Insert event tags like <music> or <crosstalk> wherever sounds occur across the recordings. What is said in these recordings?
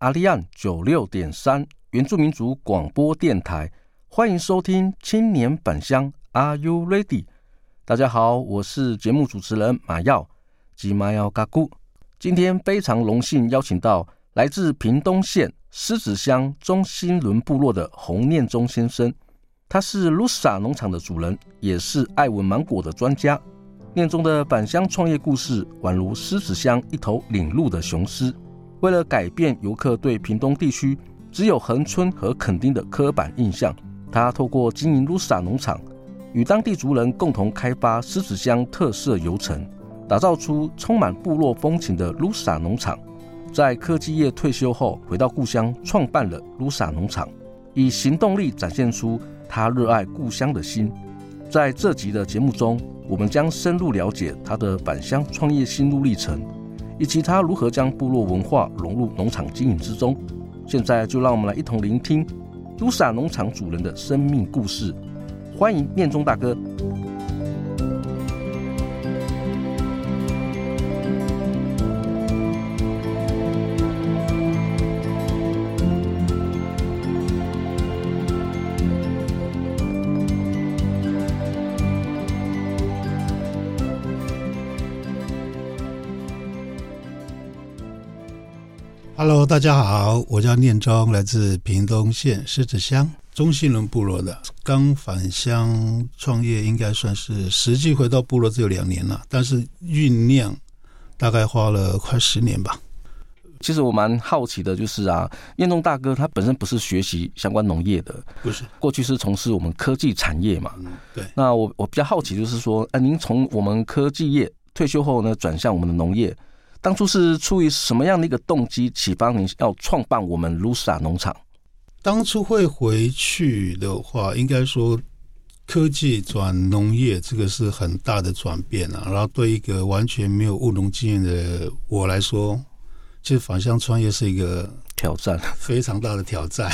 阿利安九六點三原住民族廣播電台，歡迎收聽青年返鄉，Are you ready？大家好，我是節目主持人馬耀，吉馬耀嘎庫。今天非常榮幸邀請到來自屏東縣獅子鄉中心崙部落的洪念中先生，他是 LUSA 農場的主人，也是愛文芒果的專家。念中的返鄉創業故事，宛如獅子鄉一頭領路的雄獅。為了改變遊客對屏東地區只有恆春和墾丁的刻板印象，他透過經營 LUSA 農場，與當地族人共同開發獅子鄉特色遊程，打造出充滿部落風情的 LUSA 農場。在科技業退休後，回到故鄉創辦了 LUSA 農場，以行動力展現出他熱愛故鄉的心。在這集的節目中，我們將深入了解他的返鄉創業心路歷程。以及他如何將部落文化融入農場經營之中。現在就讓我們來一同聆聽 LUSA 農場主人的生命故事。歡迎念中大哥。Hello，大家好，我叫念中，來自屏東縣獅子鄉中心崙部落的，剛返鄉創業，應該算是實際回到部落只有兩年了，但是醞釀大概花了快十年吧。其實我蠻好奇的，就是啊，念中大哥他本身不是學習相關農業的，不是？過去是從事我們科技產業嘛？嗯，對。那我我比較好奇，就是說，哎、呃，您從我們科技業退休後呢，轉向我們的農業？當初是出於什麼樣的一個動機啟發你要創辦我們 LUSA 農場？當初會回去的話，應該說科技轉農業這個是很大的轉變了，啊。然後對一個完全沒有務農經驗的我來說，其實返鄉創業是一個挑戰，非常大的挑戰。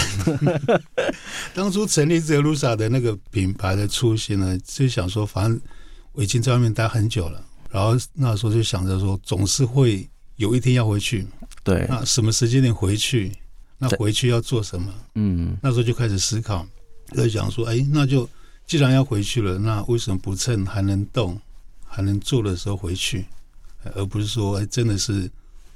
<laughs> 當初成立這個 LUSA 的那個品牌的初心呢，就想說，反正我已經在外面待很久了。然後那時候就想着說，總是會有一天要回去，對，那什麼時間點回去？那回去要做什麼？嗯，那時候就開始思考，在想說，哎，那就既然要回去了，那為什麼不趁還能動、還能做的時候回去，而不是說，哎，真的是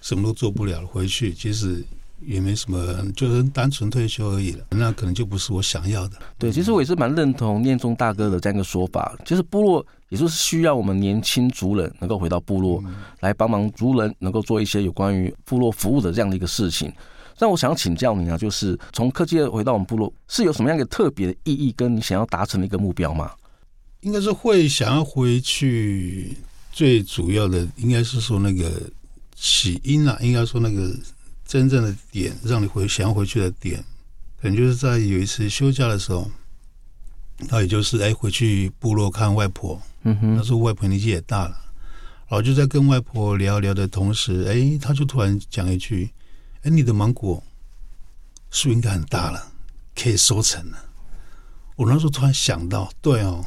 什麼都做不了，回去？其實。也沒什麼，就是單純退休而已了。那可能就不是我想要的。對，其實我也是蠻認同念中大哥的這樣一個說法。其實部落也就是需要我們年輕族人能夠回到部落、嗯、來幫忙，族人能夠做一些有關於部落服務的這樣的一個事情。那我想要請教你啊，就是從科技回到我們部落是有什麼樣一個特別的意義，跟你想要達成的一個目標嗎？應該是會想要回去，最主要的應該是說那個起因啊，應該說那個。真正的點讓你回想要回去的點，可能就是在有一次休假的時候，那也就是哎、欸、回去部落看外婆，嗯哼，那時候外婆年紀也大了，然後就在跟外婆聊聊的同時，哎、欸，他就突然講一句：“哎、欸，你的芒果樹應該很大了，可以收成了。”我那時候突然想到，對哦，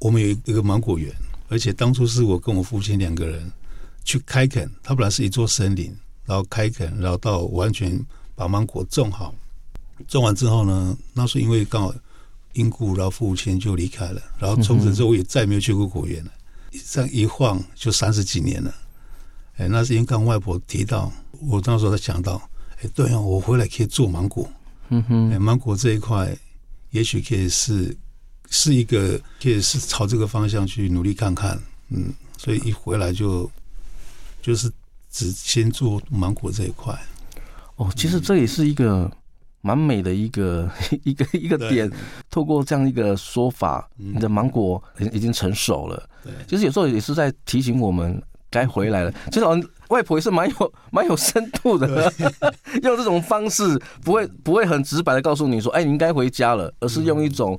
我們有一個芒果園，而且當初是我跟我父親兩個人去開墾，它本來是一座森林。然後開墾，然後到完全把芒果種好，種完之後呢，那時候因為剛好因故，然後父親就離開了。然後從此之後我也再也沒有去過果園了，嗯。這樣一晃就三十幾年了。哎，那是因為剛外婆提到，我那時候她講到，哎，對呀，啊，我回來可以做芒果。嗯哼，哎、芒果這一塊也許可以是是一個，可以是朝這個方向去努力看看。嗯，所以一回來就就是。只先做芒果這一塊，哦，其實這也是一個蠻美的一個、嗯、一個一個、一個點。透過這樣一個說法、嗯，你的芒果已經成熟了。對，其實有時候也是在提醒我們該回來了。其實外婆也是蠻有蠻有深度的， <laughs> 用這種方式不會不會很直白的告訴你說，哎、欸，你應該回家了，而是用一種。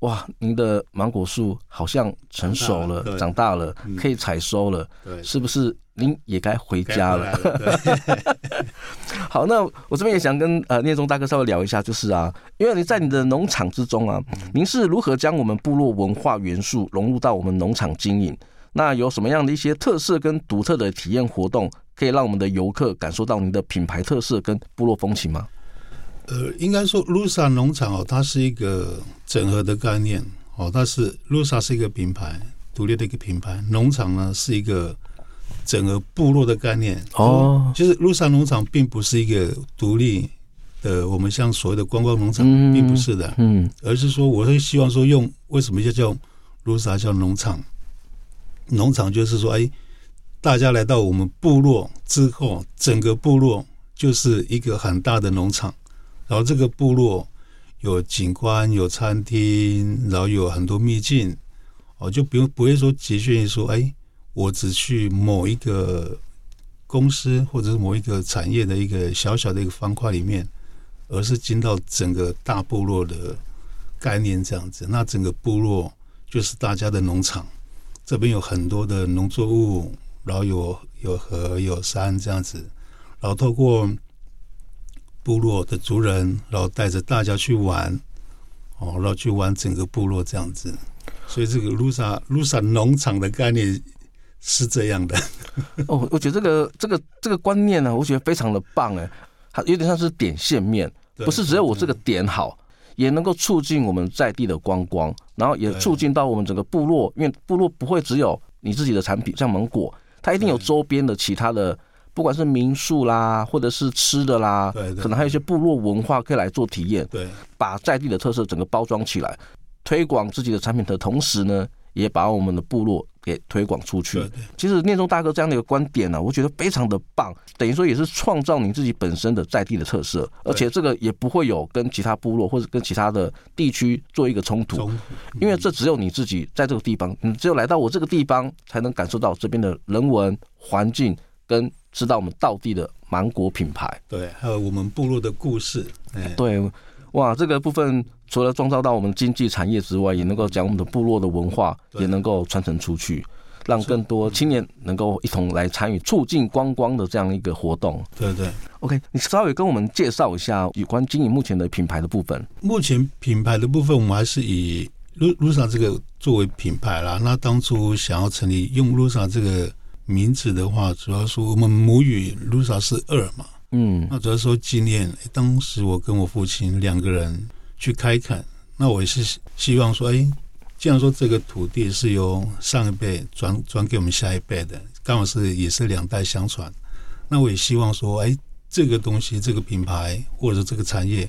哇，您的芒果樹好像成熟了，長大了，大了大了可以採收了，嗯。是不是您也該回家了？了 <laughs> <laughs> 好，那我這邊也想跟呃念中大哥稍微聊一下，就是啊，因為你在你的農場之中啊，您是如何將我們部落文化元素融入到我們農場經營？那有什麼樣的一些特色跟獨特的體驗活動，可以讓我們的遊客感受到您的品牌特色跟部落風情嗎？呃，應該說，LUSA 農場哦，它是一個整合的概念哦。它是 LUSA 是一個品牌，獨立的一個品牌。農場呢是一個整個部落的概念哦。就是 LUSA 農場並不是一個獨立的，我們像所謂的觀光農場、嗯，並不是的。嗯，而是說，我會希望說用為什麼叫 LUSA, 叫 LUSA 叫農場？農場就是說，哎、欸，大家來到我們部落之後，整個部落就是一個很大的農場。然後這個部落有景觀、有餐廳，然後有很多秘境，哦，就不用不會說局限於說，哎，我只去某一個公司或者是某一個產業的一個小小的一個方塊裡面，而是進到整個大部落的概念這樣子。那整個部落就是大家的農場，這邊有很多的農作物，然後有有河有山這樣子，然後透過，部落的族人，然後帶着大家去玩，哦，然後去玩整個部落這樣子。所以這個 LUSA LUSA 農場的概念是這樣的。哦，我覺得這個這個這個觀念呢、啊，我覺得非常的棒哎，它有點像是點線面，不是只有我這個點好、嗯，也能夠促進我們在地的觀光，然後也促進到我們整個部落，因為部落不會只有你自己的產品，像芒果，它一定有周邊的其他的。不管是民宿啦，或者是吃的啦，可能還有一些部落文化可以來做體驗，對，把在地的特色整個包裝起來，推廣自己的產品的同時呢，也把我們的部落給推廣出去。其實念中大哥這樣的一個觀點呢，啊，我覺得非常的棒，等於說也是創造你自己本身的在地的特色，而且這個也不會有跟其他部落或者跟其他的地區做一個衝突，因為這只有你自己在這個地方，你只有來到我這個地方，才能感受到這邊的人文環境跟。知道我們道地的芒果品牌，對，還有我們部落的故事，哎、欸，對，哇，這個部分除了創造到我們經濟產業之外，也能夠講我們的部落的文化，也能夠傳承出去，讓更多青年能夠一同來參與促進觀光的這樣一個活動，對對對，OK，你稍微跟我們介紹一下有關經營目前的品牌的部分。目前品牌的部分，我們還是以 LUSA 這個作為品牌啦。那當初想要成立用 LUSA 這個。名字的話，主要說我們母語 Lusa 是二嘛，嗯，那主要說紀念當時我跟我父親兩個人去開墾，那我也是希望說，哎，既然說這個土地是由上一輩轉轉給我們下一輩的，剛好是也是兩代相傳，那我也希望說，哎，這個東西、這個品牌或者這個產業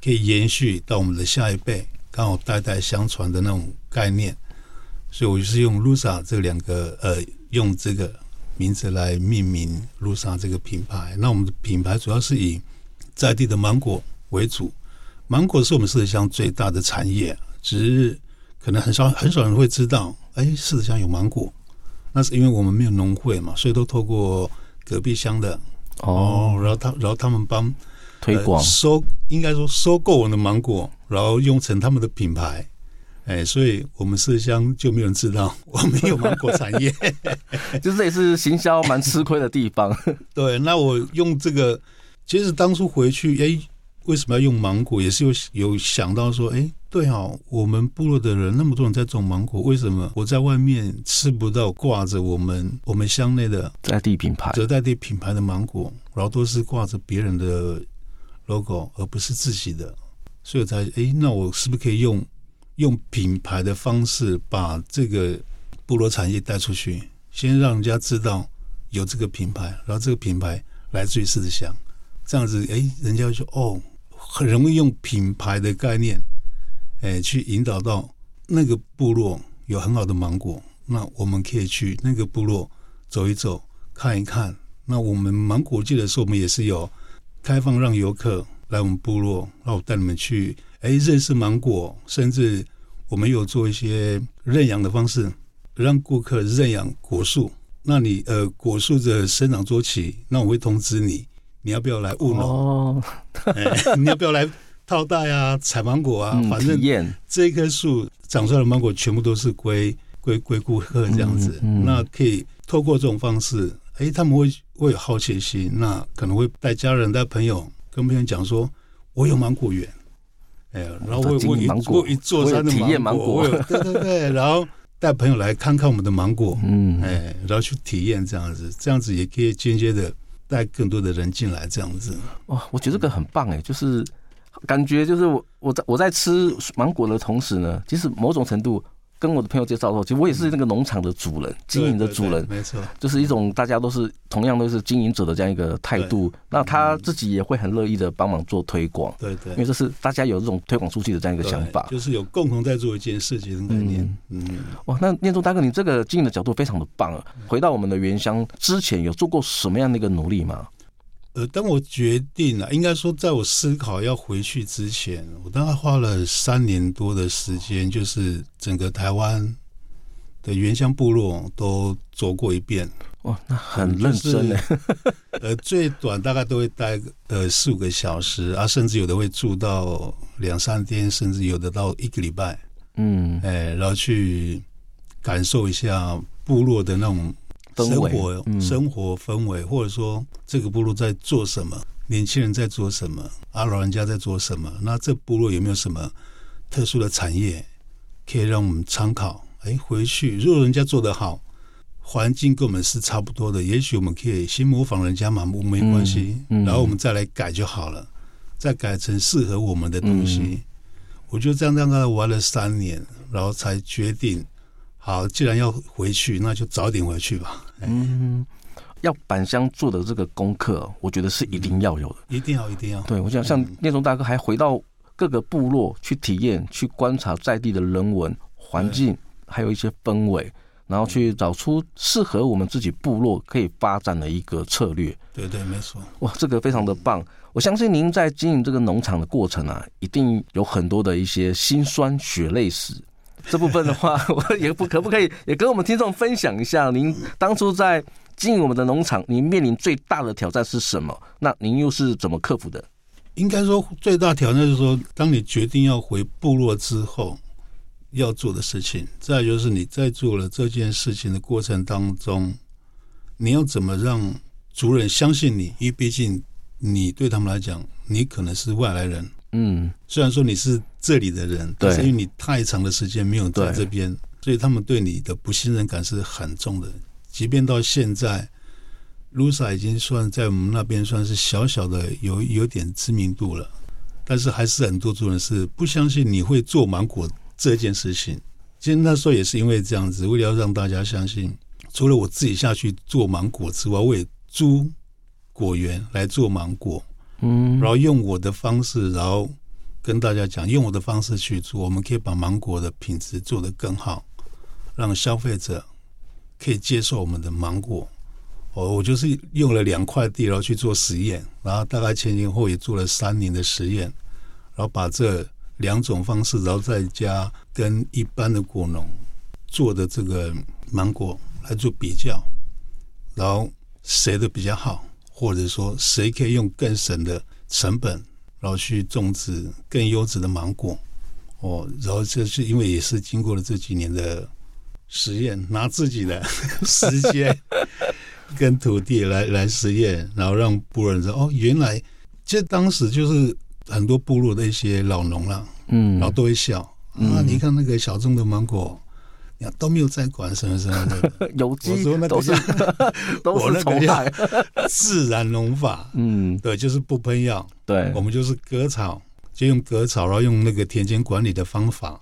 可以延續到我們的下一輩，剛好代代相傳的那種概念，所以我就是用 Lusa 這兩個呃。用這個名字來命名 LUSA 這個品牌。那我們的品牌主要是以在地的芒果為主，芒果是我們獅子鄉最大的產業。只是可能很少很少人會知道，哎、欸，獅子鄉有芒果，那是因為我們沒有農會嘛，所以都透過隔壁鄉的哦，oh, 然後他然後他們幫推廣、呃、收，應該說收購我們的芒果，然後用成他們的品牌。哎、欸，所以我們獅鄉就沒有人知道，我們有芒果產業， <laughs> 就是這也是行銷蠻吃虧的地方。 <laughs> 對，那我用這個，其實當初回去，哎，為什麼要用芒果？也是有有想到說，哎，對哦，我們部落的人那麼多人在種芒果，為什麼我在外面吃不到掛着我們我們鄉內的在地品牌？在地品牌的芒果，然後都是掛着別人的 logo，而不是自己的，所以我才哎、欸，那我是不是可以用？用品牌的方式把這個部落產業帶出去，先讓人家知道有這個品牌，然後這個品牌來自於獅子鄉，這樣子，哎，人家就說哦，很容易用品牌的概念，哎，去引導到那個部落有很好的芒果，那我們可以去那個部落走一走，看一看。那我們芒果季的時候，我們也是有開放讓遊客來我們部落，然後我帶你們去，哎，認識芒果，甚至。我們有做一些認養的方式，讓顧客認養果樹。那你呃，果樹的生長周期，那我會通知你，你要不要來務農？哦、oh. 哎， <laughs> 你要不要來套袋呀、啊、採芒果啊？嗯、反正這一棵樹長出來的芒果全部都是歸歸歸顧客這樣子、嗯嗯。那可以透過這種方式，哎，他們會會有好奇心，那可能會帶家人帶朋友跟朋友講說，我有芒果園。嗯哎，然後我一我，芒果我一坐一座山芒體驗芒果，對對對， <laughs> 然後帶朋友來看看我們的芒果，嗯，哎，然後去體驗這樣子，這樣子也可以間接，接的帶更多的人進來，這樣子。哇、哦，我覺得這個很棒哎，就是感覺就是我我在我在吃芒果的同時呢，其實某種程度。跟我的朋友介紹的時候，其實我也是那個農場的主人，嗯、對對對經營的主人，對對對沒錯，就是一種大家都是同樣都是經營者的這樣一個態度。那他自己也會很樂意的幫忙做推廣，對,對對，因為這是大家有這種推廣出去的這樣一個想法，就是有共同在做一件事情的理念,對、就是情念嗯。嗯，哇，那念中大哥，你這個經營的角度非常的棒、啊。回到我們的原鄉之前，有做過什麼樣的一個努力嗎？呃，當我決定了，啊，應該說，在我思考要回去之前，我大概花了三年多的時間，就是整個台灣的原鄉部落都走過一遍。哇，那很認真耶，嗯，就是，呃，最短大概都會待呃四五個小時，啊，甚至有的會住到兩三天，甚至有的到一個禮拜。嗯，哎、欸，然後去感受一下部落的那種生活，生活氛圍，或者說這個部落在做什麼，年輕人在做什麼，啊，老人家在做什麼？那這部落有沒有什麼特殊的產業，可以讓我們參考？哎，回去如果人家做得好，環境跟我們是差不多的，也許我們可以先模仿人家嘛，沒關係，然後我們再來改就好了，再改成適合我們的東西。我就這樣，剛剛玩了三年，然後才決定。好，既然要回去，那就早點回去吧。嗯，要返鄉做的這個功課，我覺得是一定要有的，嗯、一定要，一定要。對，我想像念中大哥還回到各個部落去體驗、嗯、去觀察在地的人文環境，還有一些氛圍，然後去找出適合我們自己部落可以發展的一個策略。對對，對，沒錯。哇，這個非常的棒！我相信您在經營這個農場的過程啊，一定有很多的一些辛酸血淚史。這部分的話，我也不可不可以也跟我們聽眾分享一下，您當初在經營我們的農場，您面臨最大的挑戰是什麼？那您又是怎麼克服的？應該說，最大挑戰就是說，當你決定要回部落之後，要做的事情，再就是你在做了這件事情的過程當中，你要怎麼讓族人相信你，因為畢竟你對他們來講，你可能是外來人。嗯，雖然說你是這裡的人，對，但是因為你太長的時間沒有在這邊，所以他們對你的不信任感是很重的。即便到現在 Lusa 已經算在我們那邊算是小小的有有點知名度了，但是還是很多族人是不相信你會做芒果這件事情。今天他說也是因為這樣子，為了讓大家相信，除了我自己下去做芒果之外，我也租果園來做芒果。嗯，然後用我的方式，然後跟大家講，用我的方式去做，我們可以把芒果的品質做得更好，讓消費者可以接受我們的芒果。我、哦、我就是用了兩塊地，然後去做實驗，然後大概前前後也做了三年的實驗，然後把這兩種方式，然後再加跟一般的果農做的這個芒果來做比較，然後誰的比較好？或者說，誰可以用更省的成本，然後去種植更優質的芒果？哦，然後就是因為也是經過了這幾年的實驗，拿自己的時間跟土地來 <laughs> 來，來實驗，然後讓部落人說，哦，原來這當時就是很多部落的一些老農啊，嗯，然後都會笑啊、嗯，你看那個小眾的芒果。都沒有在管什麼什麼的， <laughs> 有機都是， <laughs> 都是我那自然農法。嗯，對，就是不噴藥。對，我們就是割草，就用割草，然後用那個田間管理的方法，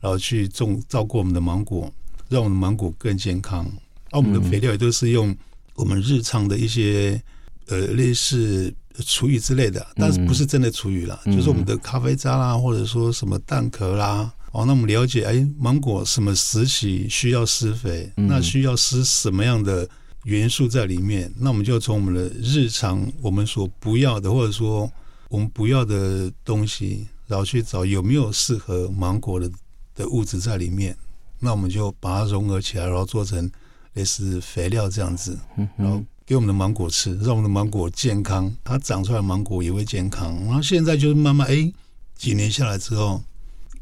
然後去種照顧我們的芒果，讓我們的芒果更健康，啊。而我們的肥料也都是用我們日常的一些，呃，類似廚餘之類的，但是不是真的廚餘了，就是我們的咖啡渣啦，或者說什麼蛋殼啦。哦，那我們了解，哎，芒果什麼時期需要施肥？嗯。那需要施什麼樣的元素在裡面？那我們就從我們的日常，我們所不要的，或者說我們不要的東西，然後去找有沒有適合芒果的的物質在裡面。那我們就把它融合起來，然後做成類似肥料這樣子，然後給我們的芒果吃，讓我們的芒果健康，它長出來芒果也會健康。然後現在就是慢慢，哎，幾年下來之後。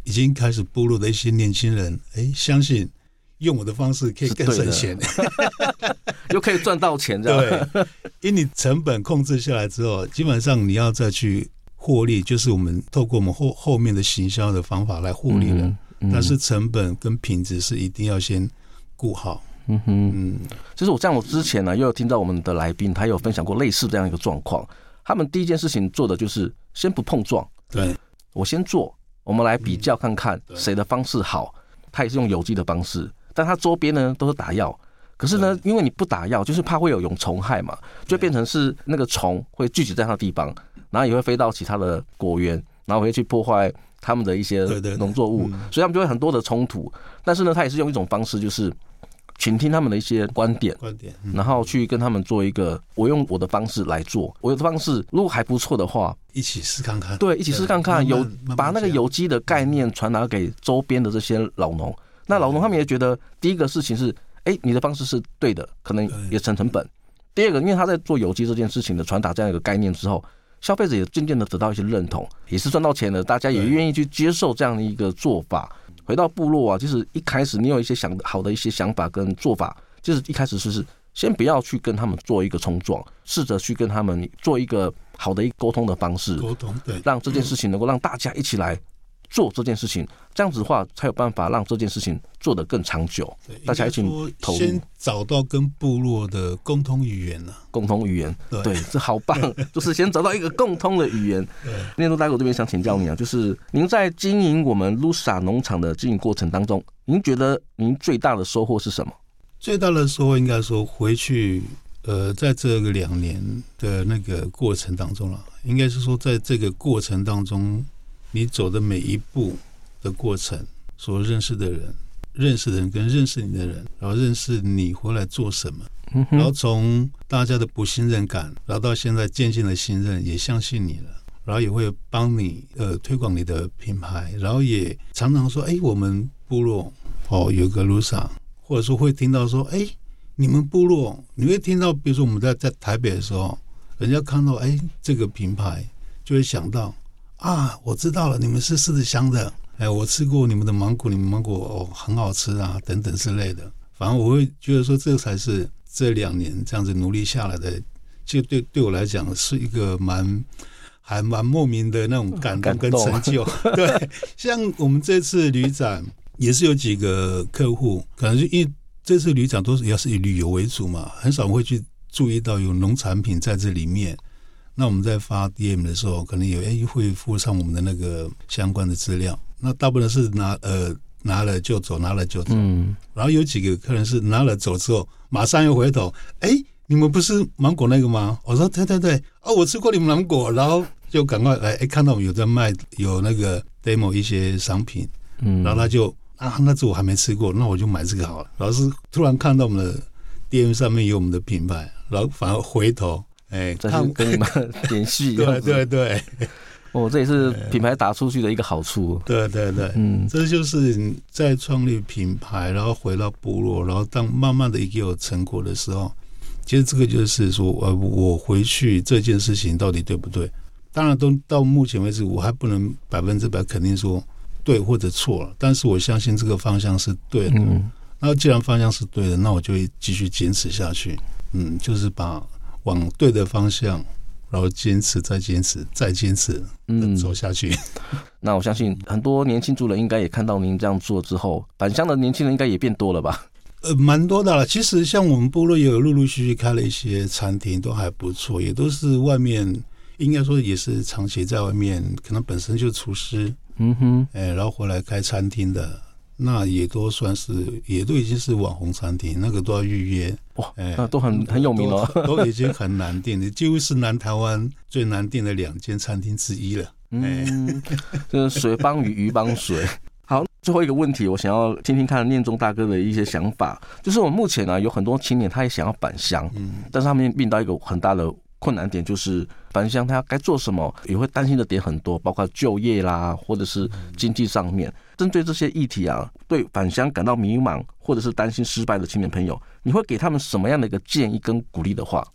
已經開始步入的一些年輕人，哎，相信用我的方式可以更省錢， <laughs> 又可以賺到錢，這樣子。因為你成本控制下來之後，基本上你要再去獲利，就是我們透過我們後後面的行銷的方法來獲利了。嗯嗯。但是成本跟品質是一定要先顧好。嗯哼，嗯，其實我像我之前呢，又有聽到我們的來賓，他有分享過類似這樣一個狀況，他們第一件事情做的就是先不碰撞，對，我先做。我們來比較看看誰的方式好。它也是用有機的方式，但它周邊呢，都是打藥。可是呢，因為你不打藥，就是怕會有蟲害嘛，就會變成是那個蟲會聚集在那地方，然後也會飛到其他的果園，然後會去破壞他們的一些農作物，所以他們就會很多的衝突。但是呢，它也是用一種方式，就是。傾聽他們的一些觀點,觀點、嗯，然後去跟他們做一個，我用我的方式來做，我的方式如果還不錯的話，一起試看看。對，一起試看看，慢慢有把那個有機的概念傳達給周邊的這些老農。嗯、那老農他們也覺得，第一個事情是，哎，你的方式是對的，可能也省成本。第二個，因為他在做有機這件事情的傳達這樣一個概念之後，消費者也漸漸的得到一些認同，也是賺到錢的，大家也願意去接受這樣的一個做法。回到部落啊，就是一開始你有一些想好的一些想法跟做法，就是一開始試試，先不要去跟他們做一個衝撞，試着去跟他們做一個好的溝通的方式，溝通對，讓這件事情能夠讓大家一起來。做這件事情，這樣子的話才有辦法讓這件事情做得更長久。大家一起投先找到跟部落的共通語言了、啊，共通語言對，對，這好棒。 <laughs> 就是先找到一個共通的語言。念中大哥這邊想請教你啊，就是您在經營我們 LUSA 農場的經營過程當中，您覺得您最大的收穫是什麼？最大的收穫應該說回去，呃，在這個兩年的那個過程當中了，應該是說在這個過程當中。你走的每一步的過程，所認識的人，認識的人跟認識你的人，然後認識你回來做什麼，嗯、然後從大家的不信任感，然後到現在漸漸的信任，也相信你了，然後也會幫你呃推廣你的品牌，然後也常常說，哎，我們部落哦有個 LUSA，或者說會聽到說，哎，你們部落，你會聽到，比如說我們在在台北的時候，人家看到哎這個品牌，就會想到。啊，我知道了，你們是獅子鄉的。哎、欸，我吃過你們的芒果，你們芒果哦很好吃啊，等等之類的。反正我會覺得說，這才是這兩年這樣子努力下來的，就對，對我來講是一個蠻還蠻莫名的那種感動跟成就，啊、對，像我們這次旅展也是有幾個客戶， <laughs> 可能就因為這次旅展都是也是以旅遊為主嘛，很少會去注意到有農產品在這裡面。那我們在發 DM 的時候，可能有哎會附上我們的那個相關的資料。那大部分是拿呃拿了就走，拿了就走。嗯，然後有幾個客人是拿了走之後，馬上又回頭。哎，你們不是芒果那個嗎？我說對對對，啊、哦、我吃過你們芒果，然後就趕快來哎看到我們有在賣有那個 demo 一些商品，嗯，然後他就啊那只我還沒吃過，那我就買這個好了。然後是突然看到我們的 DM 上面有我們的品牌，然後反而回頭。哎，再去跟你們聯繫。對對對，哦，這也是品牌打出去的一個好處。對對對，嗯，這就是你在創立品牌，然後回到部落，然後當慢慢的一個有成果的時候，其實這個就是說，我、呃、我回去這件事情到底對不對？當然，都到目前為止，我還不能百分之百肯定說對或者錯了，但是我相信這個方向是對的。嗯，那既然方向是對的，那我就會繼續堅持下去。嗯，就是把。往對的方向，然後堅持，再堅持，再堅持，嗯，走下去。嗯，那我相信很多年輕族人應該也看到您這樣做之後，返鄉的年輕人應該也變多了吧？呃，蠻多的啦，其實像我們部落也有陸陸續續開了一些餐廳，都還不錯，也都是外面應該說也是長期在外面，可能本身就是廚師，嗯哼，哎，然後回來開餐廳的。那也都算是，也都已經是網紅餐廳，那個都要預約哇，哎，都很很有名哦，都已經很難訂的，幾乎是南台灣最難訂的兩間餐廳之一了。嗯，就、哎、是水幫魚，魚幫水。 <laughs> 好，最後一個問題，我想要聽聽看念中大哥的一些想法。就是我們目前啊，有很多青年他也想要返鄉，嗯，但是他們遇到一個很大的困難點，就是返鄉他要該做什麼，也會擔心的點很多，包括就業啦，或者是經濟上面。嗯針對這些議題啊，對返鄉感到迷茫或者是擔心失敗的青年朋友，你會給他們什麼樣的一個建議跟鼓勵的話？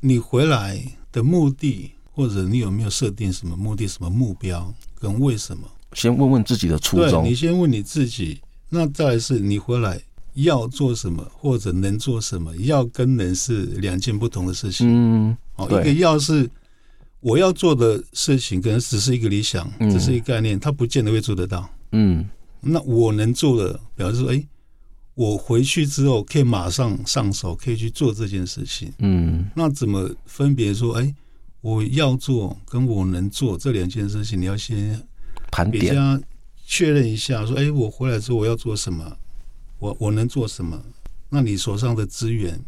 你回來的目的，或者你有沒有設定什麼目的、什麼目標跟為什麼？先問問自己的初衷。對，你先問你自己。那再是你回來要做什麼，或者能做什麼？要跟能是兩件不同的事情。嗯，哦，一個要是我要做的事情，可能只是一個理想，只是一個概念，他、嗯、不見得會做得到。嗯，那我能做的表示說，哎、欸，我回去之後可以馬上上手，可以去做這件事情。嗯，那怎麼分別說？哎、欸，我要做跟我能做這兩件事情，你要先盤點，確認一下說，哎、欸，我回來之後我要做什麼，我我能做什麼？那你手上的資源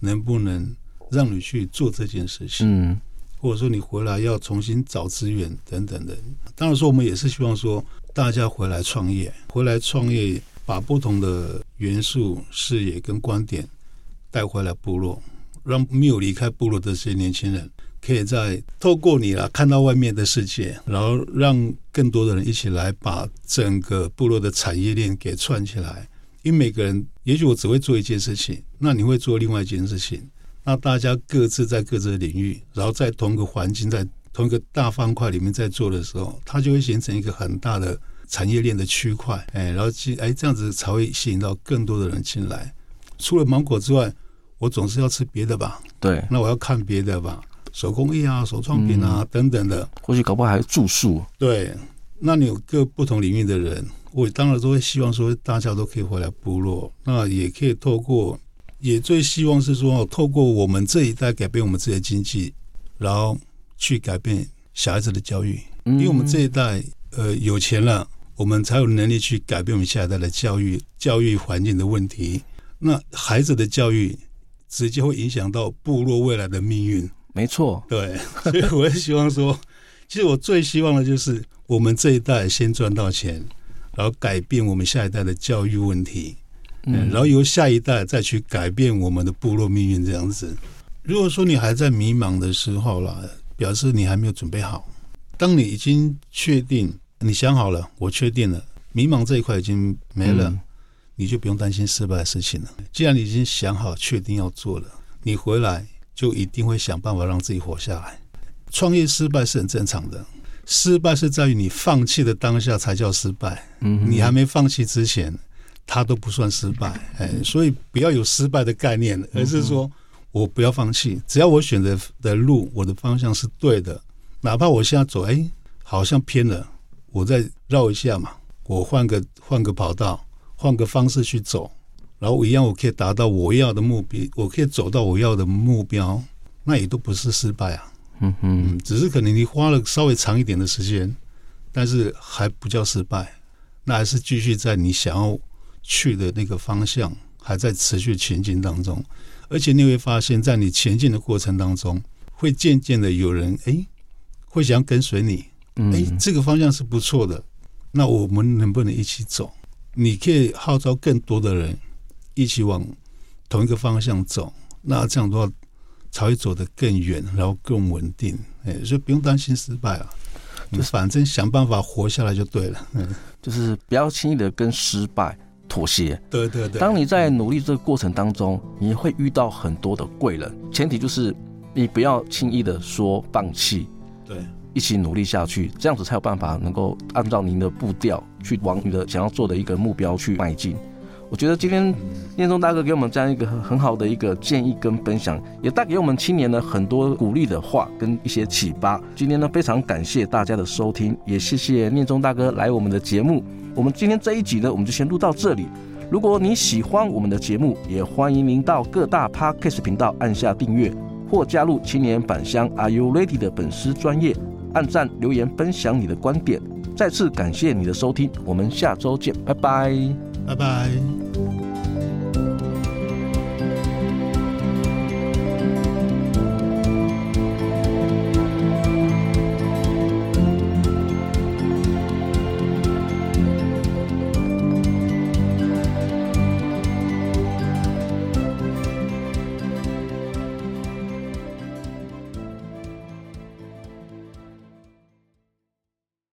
能不能讓你去做這件事情？嗯，或者說你回來要重新找資源等等的。當然說，我們也是希望說，大家回來創業，回來創業，把不同的元素、視野跟觀點帶回來部落，讓沒有離開部落的這些年輕人，可以在透過你啦，看到外面的世界，然後讓更多的人一起來把整個部落的產業鏈給串起來。因為每個人，也許我只會做一件事情，那你會做另外一件事情，那大家各自在各自的領域，然後在同個環境，在，同一個大方塊裡面在做的時候，它就會形成一個很大的產業鏈的區塊，哎，然後進哎這樣子才會吸引到更多的人進來。除了芒果之外，我總是要吃別的吧？對，那我要看別的吧，手工藝啊、手創品啊、嗯、等等的。或許搞不好還要住宿。對，那你有各不同領域的人，我也當然都會希望說，大家都可以回來部落，那也可以透過，也最希望是說，透過我們這一代改變我們自己的經濟，然後。去改變小孩子的教育，因為我們這一代呃有錢了，我們才有能力去改變我們下一代的教育，教育環境的問題。那孩子的教育直接會影響到部落未來的命運。沒錯，對，所以我也希望說， <laughs> 其實我最希望的就是我們這一代先賺到錢，然後改變我們下一代的教育問題，嗯，嗯，然後由下一代再去改變我們的部落命運這樣子。如果說你還在迷茫的時候了，表示你還沒有準備好。當你已經確定，你想好了，我確定了，迷茫這一塊已經沒了，嗯，你就不用擔心失敗的事情了。既然你已經想好、確定要做了，你回來就一定會想辦法讓自己活下來。創業失敗是很正常的，失敗是在於你放棄的當下才叫失敗。嗯，你還沒放棄之前，它都不算失敗。哎，所以不要有失敗的概念，而是說，嗯我不要放棄，只要我選擇的路，我的方向是對的，哪怕我現在走，哎，好像偏了，我再繞一下嘛，我換個換個跑道，換個方式去走，然後我一樣，我可以達到我要的目的，我可以走到我要的目標，那也都不是失敗啊，嗯 <laughs> 嗯，只是可能你花了稍微長一點的時間，但是還不叫失敗，那還是繼續在你想要去的那個方向，還在持續前進當中。而且你會發現，在你前進的過程當中，會漸漸的有人哎，會想要跟隨你。嗯，哎，這個方向是不錯的，那我們能不能一起走？你可以號召更多的人一起往同一個方向走。那這樣的話，才會走得更遠，然後更穩定。哎，所以不用擔心失敗啊，就反正想辦法活下來就對了。嗯，就是不要輕易的跟失敗。妥協，對對對。當你在努力這個過程當中，你會遇到很多的貴人，前提就是你不要輕易的說放棄，對，一起努力下去，這樣子才有辦法能夠按照您的步調去往你的想要做的一個目標去邁進。我覺得今天念中大哥給我們這樣一個很好的一個建議跟分享，也帶給我們青年呢很多鼓勵的話跟一些啟發。今天呢，非常感謝大家的收聽，也謝謝念中大哥來我們的節目。我們今天這一集呢，我們就先錄到這裡。如果你喜歡我們的節目，也歡迎您到各大 Podcast 頻道按下訂閱或加入青年返鄉 Are You Ready 的粉絲專頁，按讚留言分享你的觀點。再次感謝你的收聽，我們下周見，拜拜，拜拜。